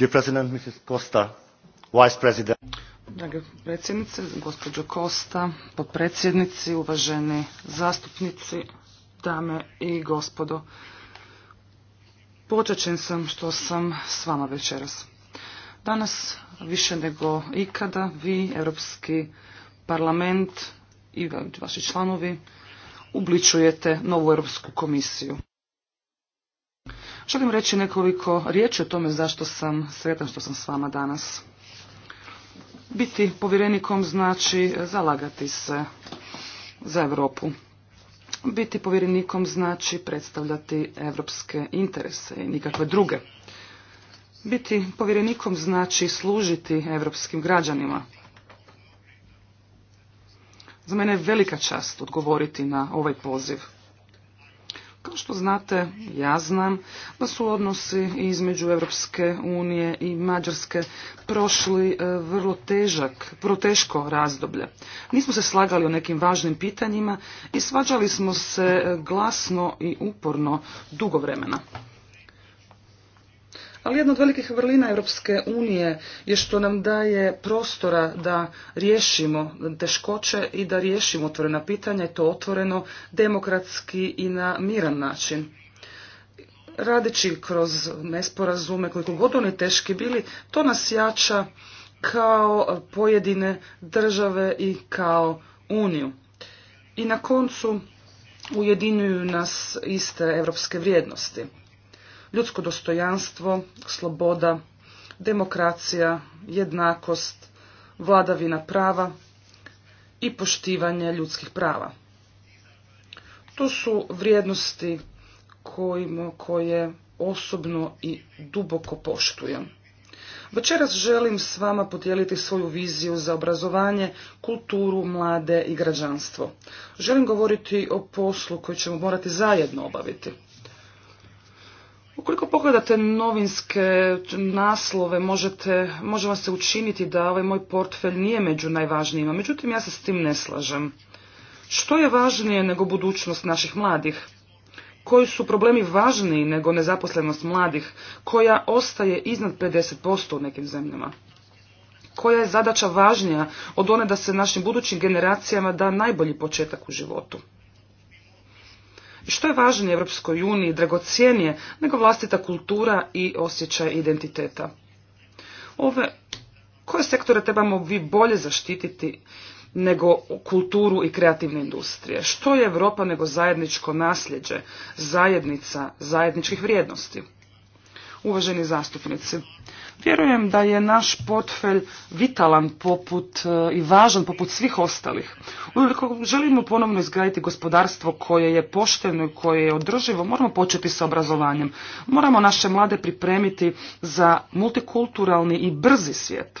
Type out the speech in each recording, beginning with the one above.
Dear predsjednice, gospođo Kosta, potpredsjednici, uvaženi zastupnici, dame i gospodo. Počećen sam što sam s vama večeras. Danas više nego ikada vi, Europski parlament i vaši članovi, ubličujete novu Europsku komisiju. Želim reći nekoliko riječi o tome zašto sam sretan što sam s vama danas. Biti povjerenikom znači zalagati se za Europu. Biti povjerenikom znači predstavljati evropske interese i nikakve druge. Biti povjerenikom znači služiti evropskim građanima. Za mene je velika čast odgovoriti na ovaj poziv. Kao što znate, ja znam da su odnosi između Europske unije i Mađarske prošli e, vrlo težak, vrlo teško razdoblje. Nismo se slagali o nekim važnim pitanjima i svađali smo se e, glasno i uporno dugo vremena. Ali jedna od velikih vrlina Europske unije je što nam daje prostora da riješimo teškoće i da riješimo otvorena pitanja i to otvoreno, demokratski i na miran način. Radeći kroz nesporazume, koliko god oni teški bili, to nas jača kao pojedine države i kao uniju. I na koncu ujedinjuju nas iste europske vrijednosti ljudsko dostojanstvo, sloboda, demokracija, jednakost, vladavina prava i poštivanje ljudskih prava. To su vrijednosti kojima, koje osobno i duboko poštujem. Večeras želim s vama podijeliti svoju viziju za obrazovanje, kulturu, mlade i građanstvo. Želim govoriti o poslu koji ćemo morati zajedno obaviti. Ukoliko pogledate novinske naslove, možete, može vam se učiniti da ovaj moj portfelj nije među najvažnijima, međutim ja se s tim ne slažem. Što je važnije nego budućnost naših mladih? Koji su problemi važniji nego nezaposlenost mladih, koja ostaje iznad 50% u nekim zemljama? Koja je zadaća važnija od one da se našim budućim generacijama da najbolji početak u životu? što je važnije Europskoj uniji, dragocjenije nego vlastita kultura i osjećaj identiteta. Ove, koje sektore trebamo vi bolje zaštititi nego kulturu i kreativne industrije? Što je Europa nego zajedničko nasljeđe, zajednica zajedničkih vrijednosti? uvaženi zastupnici. Vjerujem da je naš portfelj vitalan poput e, i važan poput svih ostalih. Ukoliko želimo ponovno izgraditi gospodarstvo koje je pošteno i koje je održivo, moramo početi sa obrazovanjem. Moramo naše mlade pripremiti za multikulturalni i brzi svijet.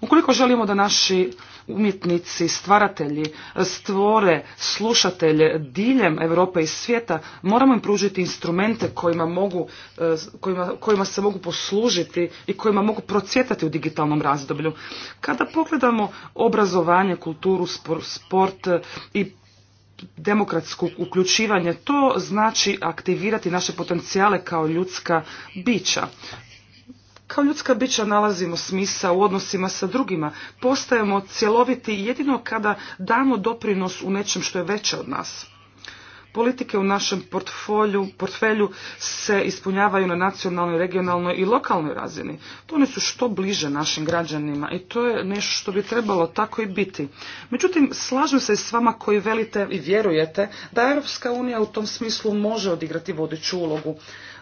Ukoliko želimo da naši umjetnici, stvaratelji stvore slušatelje diljem Europe i svijeta, moramo im pružiti instrumente kojima, mogu, e, kojima, kojima se mogu poslužiti i kojima mogu procvjetati u digitalnom razdoblju. Kada pogledamo obrazovanje, kulturu, sport i demokratsko uključivanje, to znači aktivirati naše potencijale kao ljudska bića. Kao ljudska bića nalazimo smisa u odnosima sa drugima, postajemo cjeloviti jedino kada damo doprinos u nečem što je veće od nas. Politike u našem portfolju, portfelju se ispunjavaju na nacionalnoj, regionalnoj i lokalnoj razini. To one su što bliže našim građanima i to je nešto što bi trebalo tako i biti. Međutim, slažem se s vama koji velite i vjerujete da Europska unija u tom smislu može odigrati vodeću ulogu.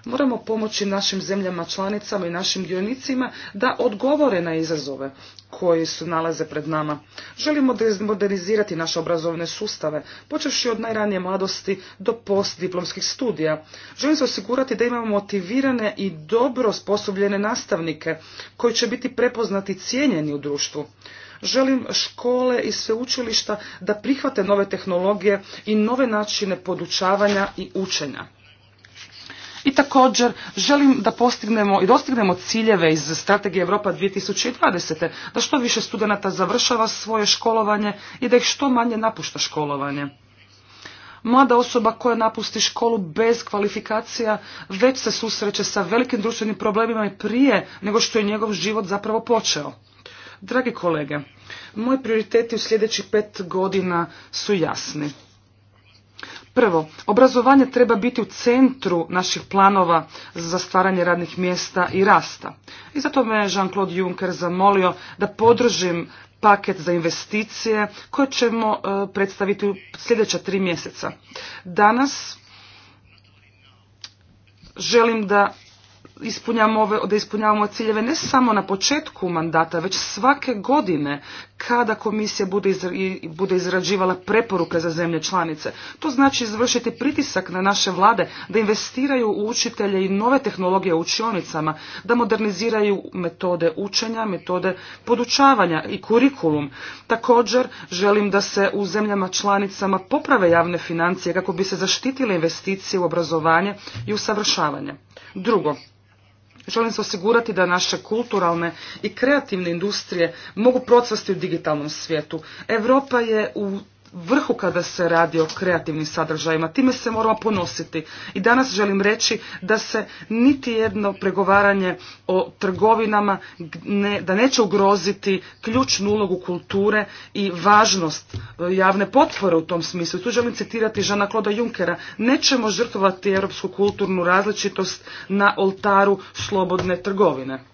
Moramo pomoći našim zemljama članicama i našim dionicima da odgovore na izazove koji su nalaze pred nama. Želimo modernizirati naše obrazovne sustave, počevši od najranije mladosti do postdiplomskih studija. Želim se osigurati da imamo motivirane i dobro osposobljene nastavnike koji će biti prepoznati i cijenjeni u društvu. Želim škole i sveučilišta da prihvate nove tehnologije i nove načine podučavanja i učenja. I također želim da postignemo i dostignemo ciljeve iz strategije Europa 2020. Da što više studenata završava svoje školovanje i da ih što manje napušta školovanje. Mlada osoba koja napusti školu bez kvalifikacija već se susreće sa velikim društvenim problemima i prije nego što je njegov život zapravo počeo. Dragi kolege, moji prioriteti u sljedećih pet godina su jasni. Prvo, obrazovanje treba biti u centru naših planova za stvaranje radnih mjesta i rasta. I zato me Jean-Claude Juncker zamolio da podržim paket za investicije koje ćemo e, predstaviti u sljedeća tri mjeseca. Danas želim da da ispunjavamo ciljeve ne samo na početku mandata, već svake godine kada komisija bude, bude izrađivala preporuke za zemlje članice. To znači izvršiti pritisak na naše vlade da investiraju u učitelje i nove tehnologije u učionicama, da moderniziraju metode učenja, metode podučavanja i kurikulum. Također želim da se u zemljama članicama poprave javne financije kako bi se zaštitile investicije u obrazovanje i usavršavanje. Drugo, Želim se osigurati da naše kulturalne i kreativne industrije mogu procvasti u digitalnom svijetu. Europa je u vrhu kada se radi o kreativnim sadržajima. Time se moramo ponositi. I danas želim reći da se niti jedno pregovaranje o trgovinama ne, da neće ugroziti ključnu ulogu kulture i važnost e, javne potpore u tom smislu. tu želim citirati Žana Kloda Junkera. Nećemo žrtvovati europsku kulturnu različitost na oltaru slobodne trgovine.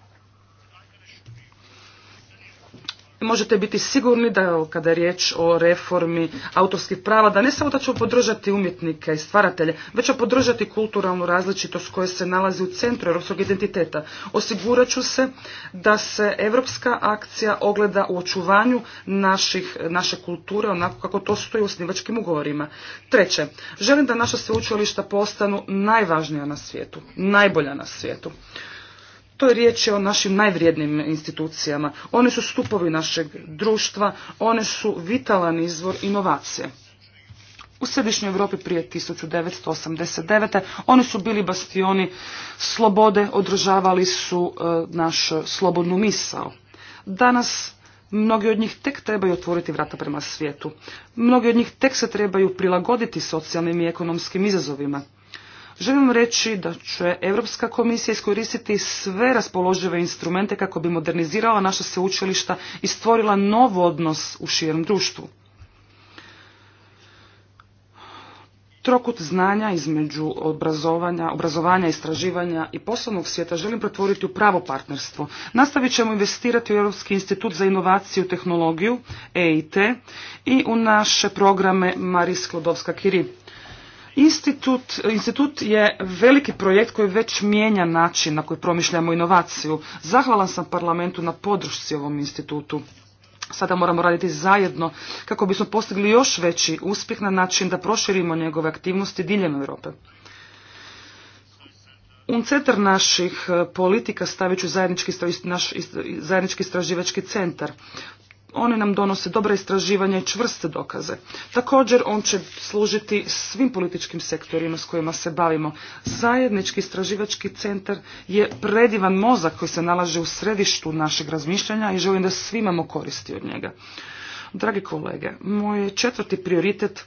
možete biti sigurni da kada je riječ o reformi autorskih prava, da ne samo da ćemo podržati umjetnike i stvaratelje, već ćemo podržati kulturalnu različitost koja se nalazi u centru europskog identiteta. Osigurat ću se da se europska akcija ogleda u očuvanju naših, naše kulture, onako kako to stoji u osnivačkim ugovorima. Treće, želim da naša sveučilišta postanu najvažnija na svijetu, najbolja na svijetu to je riječ o našim najvrijednim institucijama. One su stupovi našeg društva, one su vitalan izvor inovacije. U središnjoj Europi prije 1989. oni su bili bastioni slobode, održavali su e, naš slobodnu misao. Danas mnogi od njih tek trebaju otvoriti vrata prema svijetu. Mnogi od njih tek se trebaju prilagoditi socijalnim i ekonomskim izazovima. Želim reći da će Europska komisija iskoristiti sve raspoložive instrumente kako bi modernizirala naša sveučilišta i stvorila nov odnos u širem društvu. Trokut znanja između obrazovanja, obrazovanja, istraživanja i poslovnog svijeta želim pretvoriti u pravo partnerstvo. Nastavit ćemo investirati u Europski institut za inovaciju i tehnologiju, EIT, i u naše programe Maris klodovska kiri Institut, institut je veliki projekt koji već mijenja način na koji promišljamo inovaciju. Zahvalan sam parlamentu na podršci ovom institutu. Sada moramo raditi zajedno kako bismo postigli još veći uspjeh na način da proširimo njegove aktivnosti diljem Europe. U centar naših eh, politika stavit ću zajednički, naš zajednički istraživački centar one nam donose dobra istraživanja i čvrste dokaze. Također on će služiti svim političkim sektorima s kojima se bavimo. Zajednički istraživački centar je predivan mozak koji se nalaže u središtu našeg razmišljanja i želim da svi imamo koristi od njega. Dragi kolege, moj četvrti prioritet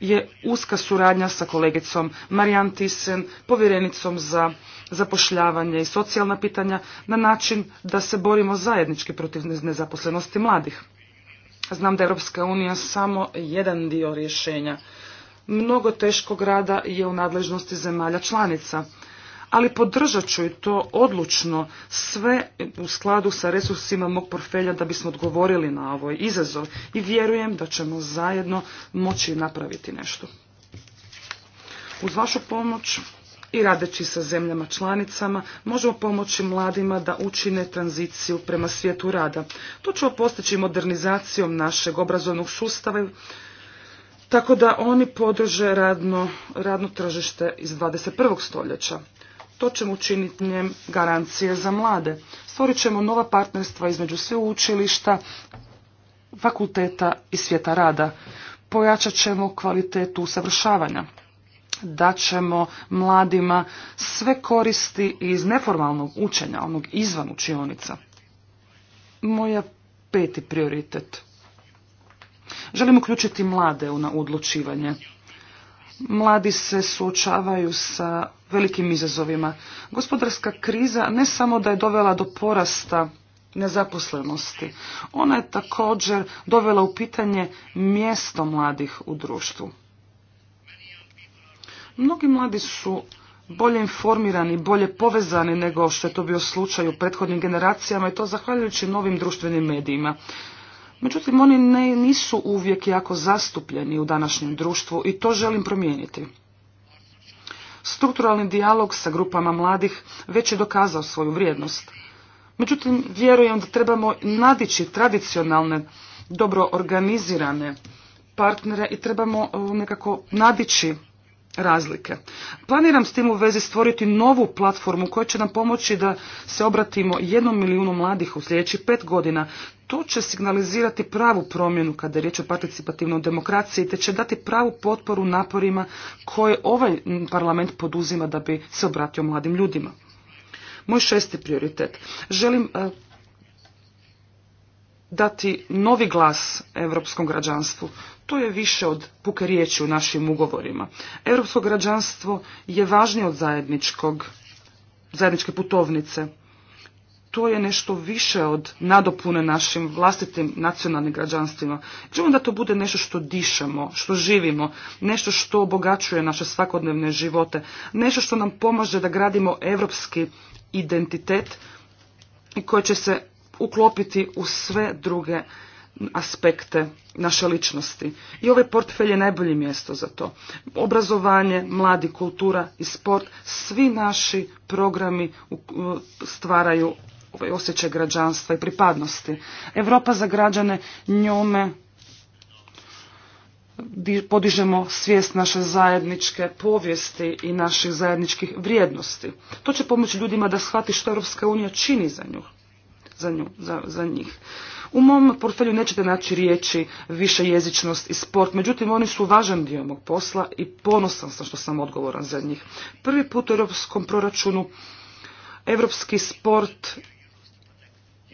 je uska suradnja sa kolegicom Marijan Tisen, povjerenicom za zapošljavanje i socijalna pitanja na način da se borimo zajednički protiv nezaposlenosti mladih. Znam da je Europska unija samo jedan dio rješenja. Mnogo teškog rada je u nadležnosti zemalja članica ali podržat ću i to odlučno sve u skladu sa resursima mog portfelja da bismo odgovorili na ovoj izazov i vjerujem da ćemo zajedno moći napraviti nešto. Uz vašu pomoć i radeći sa zemljama članicama možemo pomoći mladima da učine tranziciju prema svijetu rada. To ćemo postići modernizacijom našeg obrazovnog sustava tako da oni podrže radno, radno tržište iz 21. stoljeća. To ćemo učiniti njem garancije za mlade. Stvorit ćemo nova partnerstva između sveučilišta, fakulteta i svijeta rada. Pojačat ćemo kvalitetu usavršavanja. Daćemo mladima sve koristi iz neformalnog učenja, onog izvan učionica. Moja peti prioritet. Želim uključiti mlade u na odlučivanje mladi se suočavaju sa velikim izazovima. Gospodarska kriza ne samo da je dovela do porasta nezaposlenosti, ona je također dovela u pitanje mjesto mladih u društvu. Mnogi mladi su bolje informirani, bolje povezani nego što je to bio slučaj u prethodnim generacijama i to zahvaljujući novim društvenim medijima. Međutim, oni ne, nisu uvijek jako zastupljeni u današnjem društvu i to želim promijeniti. Strukturalni dijalog sa grupama mladih već je dokazao svoju vrijednost. Međutim, vjerujem da trebamo nadići tradicionalne, dobro organizirane partnere i trebamo um, nekako nadići razlike. Planiram s tim u vezi stvoriti novu platformu koja će nam pomoći da se obratimo jednom milijunu mladih u sljedećih pet godina. To će signalizirati pravu promjenu kada je riječ o participativnoj demokraciji te će dati pravu potporu naporima koje ovaj parlament poduzima da bi se obratio mladim ljudima. Moj šesti prioritet. Želim e, dati novi glas europskom građanstvu. To je više od puke riječi u našim ugovorima. Europsko građanstvo je važnije od zajedničkog, zajedničke putovnice. To je nešto više od nadopune našim vlastitim nacionalnim građanstvima. Želim da to bude nešto što dišemo, što živimo, nešto što obogaćuje naše svakodnevne živote, nešto što nam pomaže da gradimo europski identitet i koje će se uklopiti u sve druge aspekte naše ličnosti. I ovaj portfelj je najbolje mjesto za to. Obrazovanje, mladi, kultura i sport, svi naši programi stvaraju ovaj osjećaj građanstva i pripadnosti. Europa za građane njome podižemo svijest naše zajedničke povijesti i naših zajedničkih vrijednosti. To će pomoći ljudima da shvati što Europska unija čini za nju za, nju, za, za njih. U mom portfelju nećete naći riječi više jezičnost i sport, međutim oni su važan dio mog posla i ponosan sam što sam odgovoran za njih. Prvi put u europskom proračunu europski sport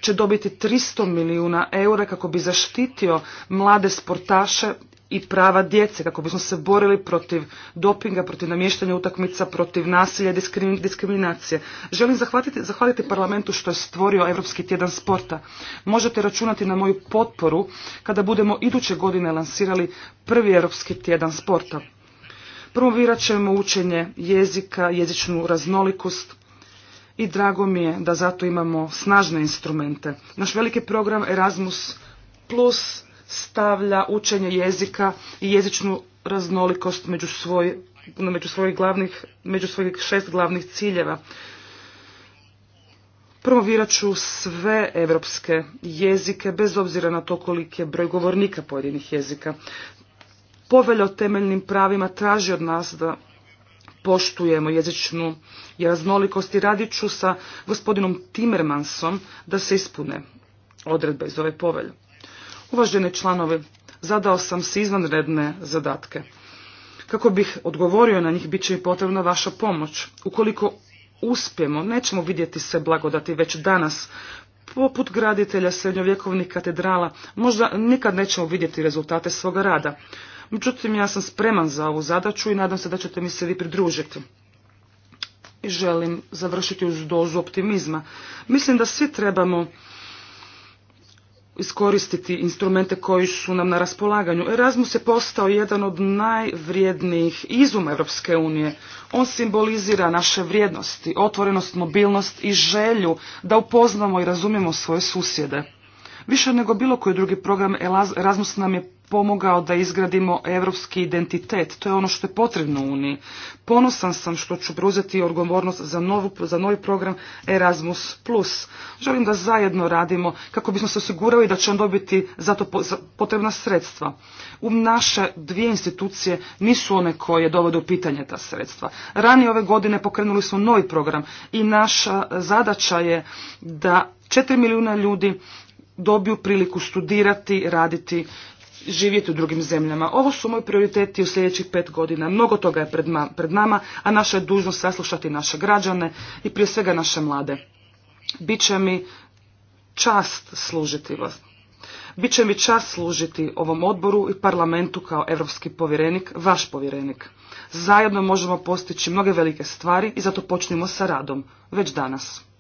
će dobiti 300 milijuna eura kako bi zaštitio mlade sportaše i prava djece, kako bismo se borili protiv dopinga, protiv namještanja utakmica, protiv nasilja i diskriminacije. Želim zahvaliti, parlamentu što je stvorio Europski tjedan sporta. Možete računati na moju potporu kada budemo iduće godine lansirali prvi Europski tjedan sporta. Promovirat ćemo učenje jezika, jezičnu raznolikost, i drago mi je da zato imamo snažne instrumente. Naš veliki program Erasmus Plus stavlja učenje jezika i jezičnu raznolikost među, svoj, među, svojih, glavnih, među svojih šest glavnih ciljeva. Promovirat ću sve evropske jezike, bez obzira na to koliki je broj govornika pojedinih jezika. Povelja o temeljnim pravima traži od nas da poštujemo jezičnu i raznolikost i radit ću sa gospodinom Timmermansom da se ispune odredbe iz ove povelje. Uvaženi članove, zadao sam si izvanredne zadatke. Kako bih odgovorio na njih, bit će i potrebna vaša pomoć. Ukoliko uspijemo, nećemo vidjeti se blagodati već danas. Poput graditelja srednjovjekovnih katedrala, možda nikad nećemo vidjeti rezultate svoga rada. Međutim, ja sam spreman za ovu zadaću i nadam se da ćete mi se vi pridružiti. I želim završiti uz dozu optimizma. Mislim da svi trebamo iskoristiti instrumente koji su nam na raspolaganju. Erasmus je postao jedan od najvrijednijih izuma Europske unije. On simbolizira naše vrijednosti, otvorenost, mobilnost i želju da upoznamo i razumijemo svoje susjede. Više nego bilo koji drugi program Erasmus nam je pomogao da izgradimo europski identitet. To je ono što je potrebno Uniji. Ponosan sam što ću preuzeti odgovornost za, novu, za novi program Erasmus+. Želim da zajedno radimo kako bismo se osigurali da će on dobiti za to potrebna sredstva. U naše dvije institucije nisu one koje dovode u pitanje ta sredstva. Ranije ove godine pokrenuli smo novi program i naša zadaća je da 4 milijuna ljudi dobiju priliku studirati, raditi živjeti u drugim zemljama. Ovo su moji prioriteti u sljedećih pet godina. Mnogo toga je pred, pred nama, a naša je dužnost saslušati naše građane i prije svega naše mlade. Biće mi čast služiti vas. Biće mi čast služiti ovom odboru i parlamentu kao europski povjerenik, vaš povjerenik. Zajedno možemo postići mnoge velike stvari i zato počnimo sa radom, već danas.